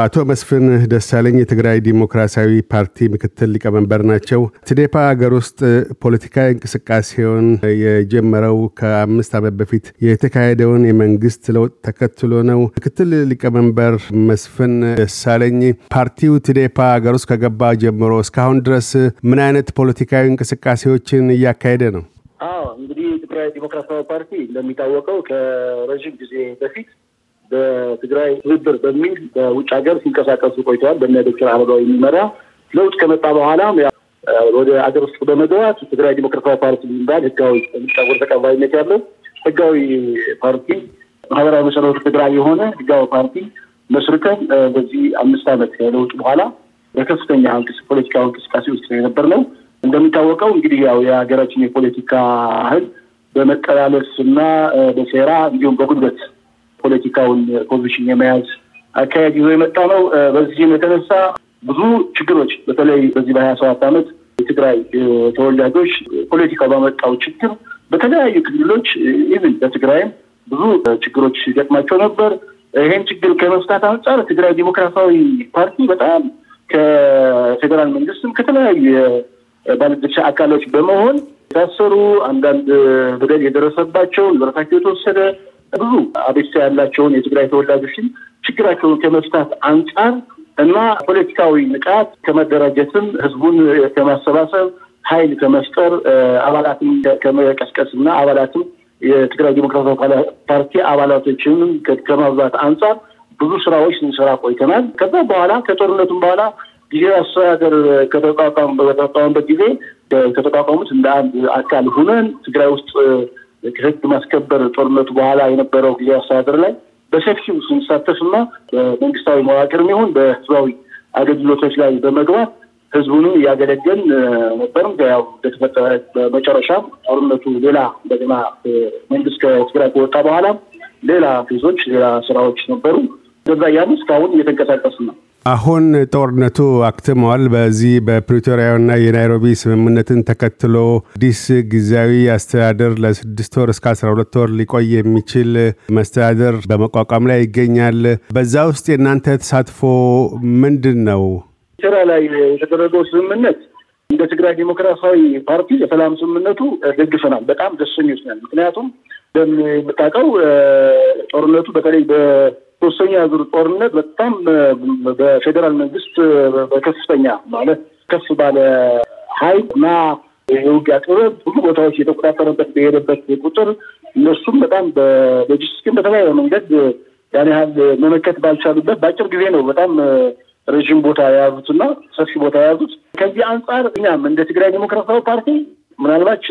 አቶ መስፍን ደሳለኝ የትግራይ ዲሞክራሲያዊ ፓርቲ ምክትል ሊቀመንበር ናቸው። ትዴፓ ሀገር ውስጥ ፖለቲካዊ እንቅስቃሴውን የጀመረው ከአምስት ዓመት በፊት የተካሄደውን የመንግስት ለውጥ ተከትሎ ነው። ምክትል ሊቀመንበር መስፍን ደሳለኝ ፓርቲው ትዴፓ ሀገር ውስጥ ከገባ ጀምሮ እስካሁን ድረስ ምን አይነት ፖለቲካዊ እንቅስቃሴዎችን እያካሄደ ነው? አዎ እንግዲህ የትግራይ ዲሞክራሲያዊ ፓርቲ እንደሚታወቀው ከረዥም ጊዜ በፊት በትግራይ ትብብር በሚል በውጭ ሀገር ሲንቀሳቀሱ ቆይተዋል። በእነ ዶክተር አረጋዊ የሚመራ ለውጥ ከመጣ በኋላም ወደ ሀገር ውስጥ በመግባት ትግራይ ዲሞክራሲያዊ ፓርቲ የሚባል ህጋዊ የሚጫወር ተቀባይነት ያለው ህጋዊ ፓርቲ ማህበራዊ መሰረቱ ትግራይ የሆነ ህጋዊ ፓርቲ መስርተን በዚህ አምስት ዓመት ለውጥ በኋላ በከፍተኛ ፖለቲካዊ እንቅስቃሴ ውስጥ የነበር ነው። እንደሚታወቀው እንግዲህ ያው የሀገራችን የፖለቲካ ህል በመቀላለስ እና በሴራ እንዲሁም በጉልበት ፖለቲካውን ፖዚሽን የመያዝ አካሄድ ይዞ የመጣ ነው። በዚህም የተነሳ ብዙ ችግሮች በተለይ በዚህ በሀያ ሰባት ዓመት የትግራይ ተወላጆች ፖለቲካው ባመጣው ችግር በተለያዩ ክልሎች ኢቭን በትግራይም ብዙ ችግሮች ይገጥማቸው ነበር። ይህን ችግር ከመፍታት አንጻር ትግራይ ዲሞክራሲያዊ ፓርቲ በጣም ከፌዴራል መንግስትም ከተለያዩ የባለድርሻ አካሎች በመሆን የታሰሩ አንዳንድ በደል የደረሰባቸው ንብረታቸው የተወሰደ ብዙ አቤቱታ ያላቸውን የትግራይ ተወላጆችን ችግራቸውን ከመፍታት አንጻር እና ፖለቲካዊ ንቃት ከመደራጀትም ህዝቡን ከማሰባሰብ ኃይል ከመፍጠር አባላትን ከመቀስቀስ እና አባላትም የትግራይ ዲሞክራሲያዊ ፓርቲ አባላቶችንም ከማብዛት አንጻር ብዙ ስራዎች ስንሰራ ቆይተናል። ከዛ በኋላ ከጦርነቱም በኋላ ጊዜ አስተዳደር ከተቋቋመበት ጊዜ ከተቋቋሙት እንደ አንድ አካል ሁነን ትግራይ ውስጥ ህግ ማስከበር ጦርነቱ በኋላ የነበረው ጊዜ አስተዳደር ላይ በሰፊው ስንሳተፍ እና በመንግስታዊ መዋቅር ይሁን በህዝባዊ አገልግሎቶች ላይ በመግባት ህዝቡን እያገለገል ነበርም። ያው እንደተፈጠረ በመጨረሻ ጦርነቱ ሌላ እንደገና መንግስት ከትግራይ ከወጣ በኋላ ሌላ ፌዞች፣ ሌላ ስራዎች ነበሩ። እንደዛ እያሉ እስካሁን እየተንቀሳቀስ ነው። አሁን ጦርነቱ አክትመዋል። በዚህ በፕሪቶሪያና የናይሮቢ ስምምነትን ተከትሎ አዲስ ጊዜያዊ አስተዳደር ለስድስት ወር እስከ አስራ ሁለት ወር ሊቆይ የሚችል መስተዳደር በመቋቋም ላይ ይገኛል። በዛ ውስጥ የእናንተ ተሳትፎ ምንድን ነው? ስራ ላይ የተደረገው ስምምነት እንደ ትግራይ ዴሞክራሲያዊ ፓርቲ የሰላም ስምምነቱ ደግፈናል። በጣም ደስ የሚል ምክንያቱም እንደምታውቀው ጦርነቱ በተለይ ሶስተኛ ዙር ጦርነት በጣም በፌዴራል መንግስት በከፍተኛ ማለት ከፍ ባለ ሀይል እና የውጊያ ጥበብ ሁሉ ቦታዎች የተቆጣጠረበት በሄደበት ቁጥር እነሱም በጣም በሎጂስቲክም በተለያየ መንገድ ያን ያህል መመከት ባልቻሉበት በአጭር ጊዜ ነው በጣም ረዥም ቦታ እና ሰፊ ቦታ የያዙት። ከዚህ አንጻር እኛም እንደ ትግራይ ዴሞክራሲያዊ ፓርቲ ምናልባች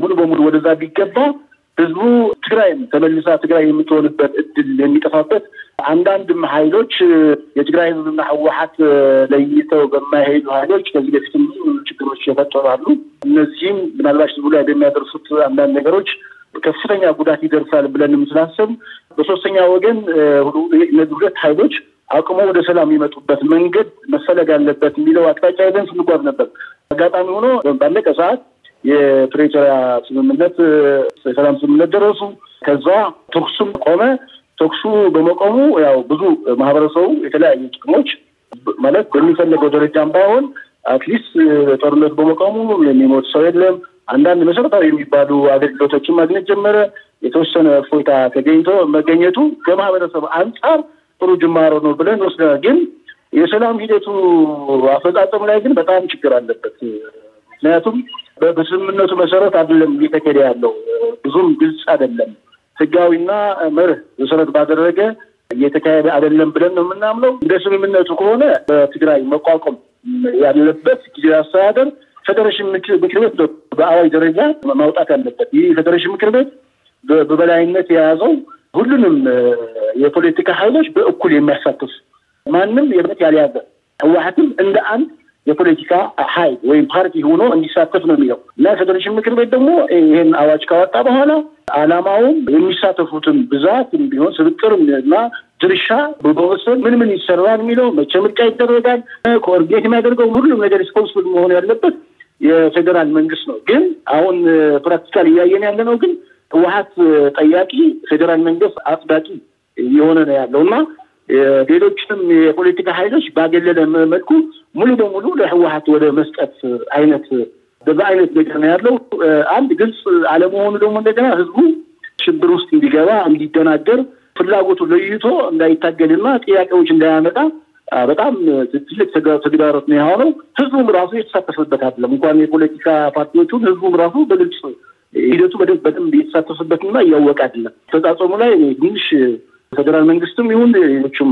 ሙሉ በሙሉ ወደዛ ቢገባ ህዝቡ ትግራይም ተመልሳ ትግራይ የምትሆንበት እድል የሚጠፋበት አንዳንድም ሀይሎች የትግራይ ህዝብና ህወሀት ለይተው በማይሄዱ ሀይሎች ከዚህ በፊት ችግሮች የፈጠራሉ። እነዚህም ምናልባት ህዝቡ ላይ በሚያደርሱት አንዳንድ ነገሮች ከፍተኛ ጉዳት ይደርሳል ብለን ስላሰብ በሶስተኛ ወገን እነዚህ ሁለት ሀይሎች አቅሞ ወደ ሰላም የሚመጡበት መንገድ መፈለግ አለበት የሚለው አቅጣጫ ይዘን ስንጓዝ ነበር። አጋጣሚ ሆኖ ባለቀ ሰዓት የፕሬቶሪያ ስምምነት የሰላም ስምምነት ደረሱ። ከዛ ተኩሱም ቆመ። ተኩሱ በመቆሙ ያው ብዙ ማህበረሰቡ የተለያዩ ጥቅሞች ማለት በሚፈለገው ደረጃም ባይሆን አትሊስት ጦርነት በመቆሙ የሚሞት ሰው የለም። አንዳንድ መሰረታዊ የሚባሉ አገልግሎቶችን ማግኘት ጀመረ። የተወሰነ እፎይታ ተገኝቶ መገኘቱ ከማህበረሰብ አንጻር ጥሩ ጅማሮ ነው ብለን ወስደናል። ግን የሰላም ሂደቱ አፈጻጸሙ ላይ ግን በጣም ችግር አለበት። ምክንያቱም በስምምነቱ መሰረት አይደለም እየተካሄደ ያለው ብዙም ግልጽ አይደለም። ህጋዊና መርህ መሰረት ባደረገ እየተካሄደ አይደለም ብለን ነው የምናምነው። እንደ ስምምነቱ ከሆነ በትግራይ መቋቋም ያለበት ጊዜያዊ አስተዳደር ፌዴሬሽን ምክር ቤት በአዋጅ ደረጃ ማውጣት ያለበት ይህ ፌዴሬሽን ምክር ቤት በበላይነት የያዘው ሁሉንም የፖለቲካ ኃይሎች በእኩል የሚያሳትፍ ማንም የበት ያልያዘ ህወሀትም እንደ አንድ የፖለቲካ ሀይል ወይም ፓርቲ ሆኖ እንዲሳተፍ ነው የሚለው እና የፌዴሬሽን ምክር ቤት ደግሞ ይህን አዋጅ ካወጣ በኋላ አላማውም የሚሳተፉትን ብዛት ቢሆን ስብጥር እና ድርሻ በመወሰን ምን ምን ይሰራል የሚለው መቼ ምርጫ ይደረጋል፣ ኮኦርዲኔት የሚያደርገው ሁሉም ነገር ሪስፖንስብል መሆን ያለበት የፌዴራል መንግስት ነው። ግን አሁን ፕራክቲካል እያየን ያለ ነው። ግን ህወሀት ጠያቂ ፌዴራል መንግስት አጽዳቂ የሆነ ነው ያለው እና ሌሎችንም የፖለቲካ ሀይሎች ባገለለ መልኩ ሙሉ በሙሉ ለህወሀት ወደ መስጠት አይነት አይነት ነገር ነው ያለው። አንድ ግልጽ አለመሆኑ ደግሞ እንደገና ህዝቡ ሽብር ውስጥ እንዲገባ እንዲደናገር ፍላጎቱ ለይቶ እንዳይታገልና ጥያቄዎች እንዳያመጣ በጣም ትልቅ ተግዳሮት ነው የሆነው። ህዝቡም ራሱ የተሳተፈበት አይደለም። እንኳን የፖለቲካ ፓርቲዎቹን ህዝቡም ራሱ በግልጽ ሂደቱ በደንብ በደንብ የተሳተፈበትና እያወቀ አይደለም። ተጻጽሙ ላይ ትንሽ ፌደራል መንግስትም ይሁን ሌሎችም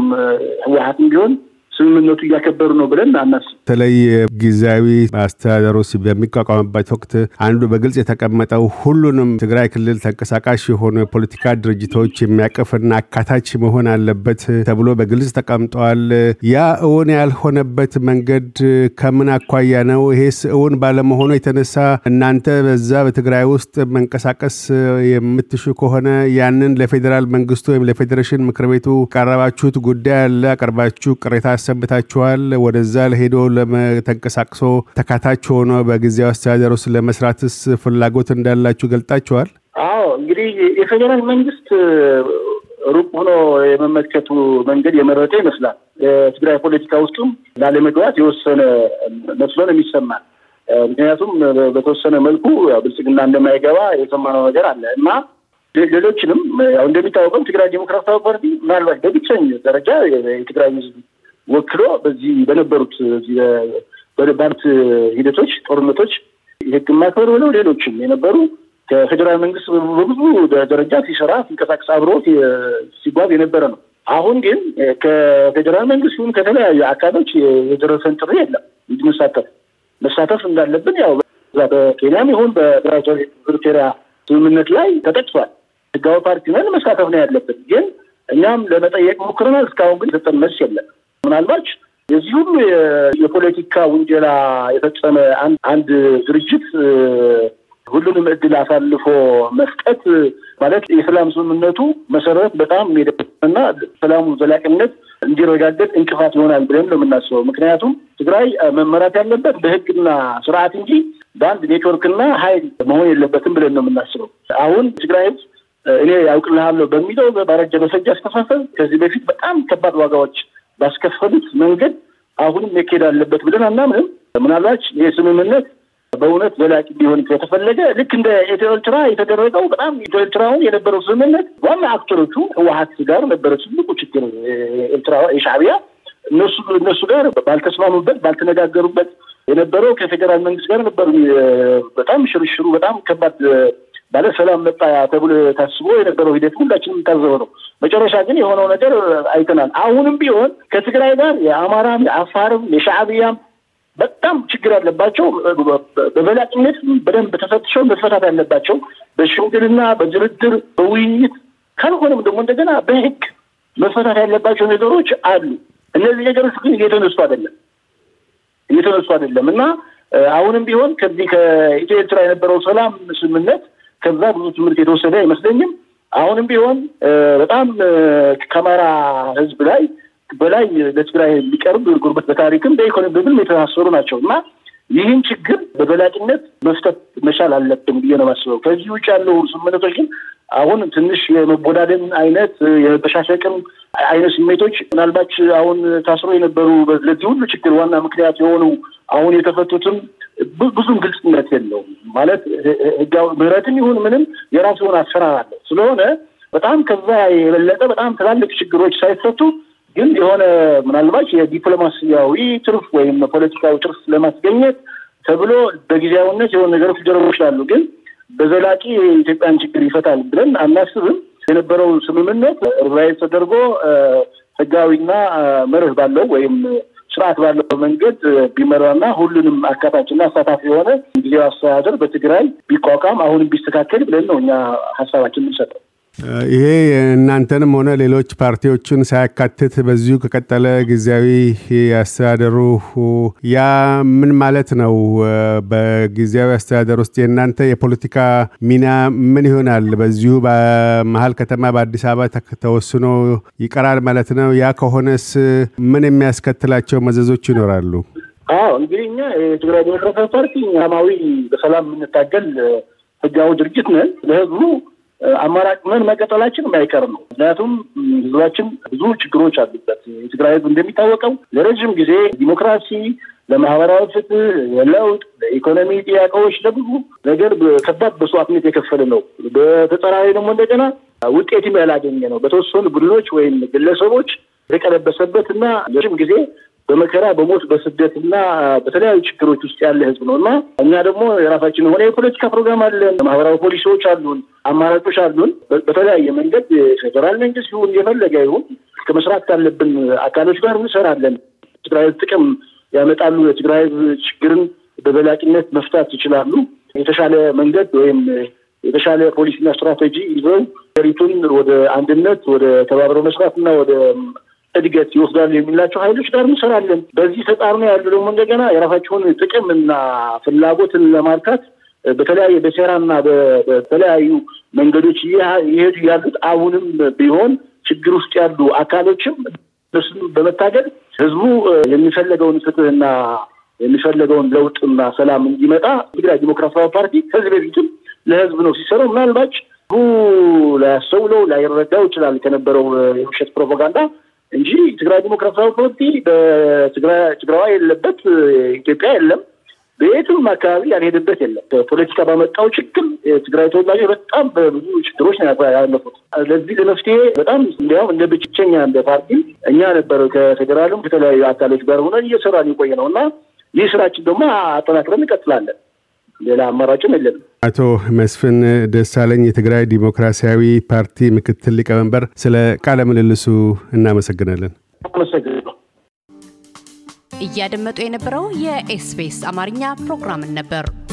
ህወሀትም ቢሆን ስምምነቱ እያከበሩ ነው ብለን አናስ በተለይ ጊዜያዊ አስተዳደሩ በሚቋቋምበት ወቅት አንዱ በግልጽ የተቀመጠው ሁሉንም ትግራይ ክልል ተንቀሳቃሽ የሆኑ የፖለቲካ ድርጅቶች የሚያቅፍና አካታች መሆን አለበት ተብሎ በግልጽ ተቀምጠዋል። ያ እውን ያልሆነበት መንገድ ከምን አኳያ ነው? ይሄስ እውን ባለመሆኑ የተነሳ እናንተ በዛ በትግራይ ውስጥ መንቀሳቀስ የምትሹ ከሆነ ያንን ለፌዴራል መንግስቱ ወይም ለፌዴሬሽን ምክር ቤቱ ቀረባችሁት ጉዳይ አለ? አቀርባችሁ ቅሬታ ሰንብታችኋል። ወደዛ ለሄዶ ለመተንቀሳቅሶ ተካታች ሆኖ በጊዜያዊ አስተዳደር ውስጥ ለመስራትስ ፍላጎት እንዳላችሁ ገልጣችኋል። አዎ እንግዲህ የፌዴራል መንግስት ሩቅ ሆኖ የመመልከቱ መንገድ የመረጠ ይመስላል። የትግራይ ፖለቲካ ውስጡም ላለመግባት የወሰነ መስሎን የሚሰማል። ምክንያቱም በተወሰነ መልኩ ብልጽግና እንደማይገባ የሰማነው ነገር አለ እና ሌሎችንም ያው እንደሚታወቀው ትግራይ ዲሞክራሲያዊ ፓርቲ ምናልባት በብቸኝ ደረጃ የትግራይ ህዝብ ወክሎ በዚህ በነበሩት በነባሩት ሂደቶች፣ ጦርነቶች የህግ ማክበር ብለው ሌሎችም የነበሩ ከፌዴራል መንግስት በብዙ ደረጃ ሲሰራ ሲንቀሳቀስ አብሮ ሲጓዝ የነበረ ነው። አሁን ግን ከፌዴራል መንግስት ይሁን ከተለያዩ አካሎች የደረሰን ጥሪ የለም እንዲመሳተፍ መሳተፍ እንዳለብን ያው በኬንያም ይሁን በብሪቶሪያ ስምምነት ላይ ተጠቅሷል። ህጋዊ ፓርቲ ነን መሳተፍ ነው ያለብን። ግን እኛም ለመጠየቅ ሞክረናል። እስካሁን ግን የተሰጠን መልስ የለም። ምናልባች የዚህ ሁሉ የፖለቲካ ውንጀላ የፈጸመ አንድ ድርጅት ሁሉንም እድል አሳልፎ መስጠት ማለት የሰላም ስምምነቱ መሰረት በጣም የደና ሰላሙ ዘላቂነት እንዲረጋገጥ እንቅፋት ይሆናል ብለን ነው የምናስበው። ምክንያቱም ትግራይ መመራት ያለበት በህግና ስርዓት እንጂ በአንድ ኔትወርክና ሀይል መሆን የለበትም ብለን ነው የምናስበው። አሁን ትግራይ እኔ ያውቅልሃለሁ በሚለው በአረጀ በሰጃ አስተሳሰብ ከዚህ በፊት በጣም ከባድ ዋጋዎች ባስከፈሉት መንገድ አሁንም መካሄድ አለበት ብለን አናምንም። ምናልባት የስምምነት በእውነት ዘላቂ ቢሆን ከተፈለገ ልክ እንደ ኢትዮ ኤርትራ የተደረገው በጣም ኢትዮ ኤርትራውን የነበረው ስምምነት ዋና አክተሮቹ ህወሀት ጋር ነበረ ትልቁ ችግር ኤርትራ የሻዕቢያ እነሱ እነሱ ጋር ባልተስማሙበት ባልተነጋገሩበት የነበረው ከፌዴራል መንግስት ጋር ነበሩ። በጣም ሽርሽሩ በጣም ከባድ ባለሰላም ሰላም መጣ ተብሎ ታስቦ የነበረው ሂደት ሁላችንም የምታዘበው ነው። መጨረሻ ግን የሆነው ነገር አይተናል። አሁንም ቢሆን ከትግራይ ጋር የአማራም የአፋርም የሻዕብያም በጣም ችግር አለባቸው። በበላቂነት በደንብ ተፈትሸው መፈታት አለባቸው። በሽምግልና፣ በድርድር፣ በውይይት ካልሆነም ደግሞ እንደገና በህግ መፈታት ያለባቸው ነገሮች አሉ። እነዚህ ነገሮች ግን እየተነሱ አይደለም እየተነሱ አይደለም እና አሁንም ቢሆን ከዚህ ከኢትዮ ኤርትራ የነበረው ሰላም ስምምነት ከዛ ብዙ ትምህርት የተወሰደ አይመስለኝም። አሁንም ቢሆን በጣም ከአማራ ህዝብ ላይ በላይ ለትግራይ የሚቀርብ ጉርበት በታሪክም በኢኮኖሚ ብብም የተሳሰሩ ናቸው እና ይህን ችግር በበላጭነት መፍታት መቻል አለብን ብዬ ነው የማስበው። ከዚህ ውጭ ያለው ስምምነቶች ግን አሁን ትንሽ የመጎዳደን አይነት የመበሻሸቅም አይነት ስሜቶች ምናልባት አሁን ታስሮ የነበሩ ለዚህ ሁሉ ችግር ዋና ምክንያት የሆኑ አሁን የተፈቱትም ብዙም ግልጽነት የለውም። ማለት ህጋዊ ምህረትም ይሁን ምንም የራሱ የሆነ አሰራር አለ ስለሆነ በጣም ከዛ የበለጠ በጣም ትላልቅ ችግሮች ሳይፈቱ ግን የሆነ ምናልባት የዲፕሎማሲያዊ ትርፍ ወይም ፖለቲካዊ ትርፍ ለማስገኘት ተብሎ በጊዜያዊነት የሆነ ነገሮች ሊደረጉ ይችላሉ። ግን በዘላቂ የኢትዮጵያን ችግር ይፈታል ብለን አናስብም። የነበረው ስምምነት ርራይ ተደርጎ ህጋዊና መርህ ባለው ወይም ስርዓት ባለው መንገድ ቢመራና ሁሉንም አካታችና አሳታፊ የሆነ ጊዜው አስተዳደር በትግራይ ቢቋቋም አሁንም ቢስተካከል ብለን ነው እኛ ሀሳባችን የምንሰጠው። ይሄ እናንተንም ሆነ ሌሎች ፓርቲዎችን ሳያካትት በዚሁ ከቀጠለ ጊዜያዊ አስተዳደሩ ያ ምን ማለት ነው? በጊዜያዊ አስተዳደር ውስጥ የእናንተ የፖለቲካ ሚና ምን ይሆናል? በዚሁ በመሀል ከተማ በአዲስ አበባ ተወስኖ ይቀራል ማለት ነው? ያ ከሆነስ ምን የሚያስከትላቸው መዘዞች ይኖራሉ? አዎ እንግዲህ እኛ የትግራይ ዴሞክራሲያዊ ፓርቲ ሰላማዊ በሰላም የምንታገል ህጋዊ ድርጅት ነን ለህዝቡ አማራጭ ምን መቀጠላችን የማይቀር ነው። ምክንያቱም ህዝባችን ብዙ ችግሮች አሉበት። የትግራይ ህዝብ እንደሚታወቀው ለረዥም ጊዜ ዲሞክራሲ፣ ለማህበራዊ ፍትህ፣ ለለውጥ፣ ለኢኮኖሚ ጥያቄዎች፣ ለብዙ ነገር ከባድ መስዋዕትነት የከፈለ ነው። በተጸራሪ ደግሞ እንደገና ውጤትም ያላገኘ ነው። በተወሰኑ ቡድኖች ወይም ግለሰቦች የተቀለበሰበት እና ለረዥም ጊዜ በመከራ በሞት በስደት እና በተለያዩ ችግሮች ውስጥ ያለ ህዝብ ነው እና እኛ ደግሞ የራሳችን የሆነ የፖለቲካ ፕሮግራም አለን፣ ማህበራዊ ፖሊሲዎች አሉን፣ አማራጮች አሉን። በተለያየ መንገድ ፌደራል መንግስት ይሁን የፈለገ ይሁን ከመስራት ካለብን አካሎች ጋር እንሰራለን። ትግራይ ጥቅም ያመጣሉ። የትግራይ ችግርን በበላቂነት መፍታት ይችላሉ። የተሻለ መንገድ ወይም የተሻለ ፖሊሲና ስትራቴጂ ይዘው ሀገሪቱን ወደ አንድነት፣ ወደ ተባብሮ መስራትና ወደ እድገት ይወስዳሉ የሚላቸው ኃይሎች ጋር እንሰራለን። በዚህ ነው ያሉ ደግሞ እንደገና የራሳቸውን ጥቅም እና ፍላጎትን ለማርካት በተለያየ በሴራና በተለያዩ መንገዶች እየሄዱ ያሉት አሁንም ቢሆን ችግር ውስጥ ያሉ አካሎችም እነሱን በመታገል ህዝቡ የሚፈለገውን ፍትህና የሚፈለገውን ለውጥና ሰላም እንዲመጣ ትግራይ ዲሞክራሲያዊ ፓርቲ ከዚህ በፊትም ለህዝብ ነው ሲሰራው። ምናልባች ሁ ላያስተውለው ላይረዳው ይችላል ከነበረው የውሸት ፕሮፓጋንዳ እንጂ ትግራይ ዲሞክራሲያዊ ፓርቲ ትግራዋ የለበት ኢትዮጵያ የለም። በየትም አካባቢ ያልሄደበት የለም። በፖለቲካ ባመጣው ችግር የትግራይ ተወላጆች በጣም በብዙ ችግሮች ያለፉት። ለዚህ ለመፍትሄ በጣም እንዲያውም እንደ ብቸኛ እንደ ፓርቲ እኛ ነበር ከፌዴራልም ከተለያዩ አካሎች ጋር ሆነ እየሰራን የቆየ ነው እና ይህ ስራችን ደግሞ አጠናክረን እንቀጥላለን። ሌላ አማራጭም የለንም። አቶ መስፍን ደሳለኝ የትግራይ ዲሞክራሲያዊ ፓርቲ ምክትል ሊቀመንበር፣ ስለ ቃለ ምልልሱ እናመሰግናለን። እያደመጡ የነበረው የኤስቢኤስ አማርኛ ፕሮግራምን ነበር።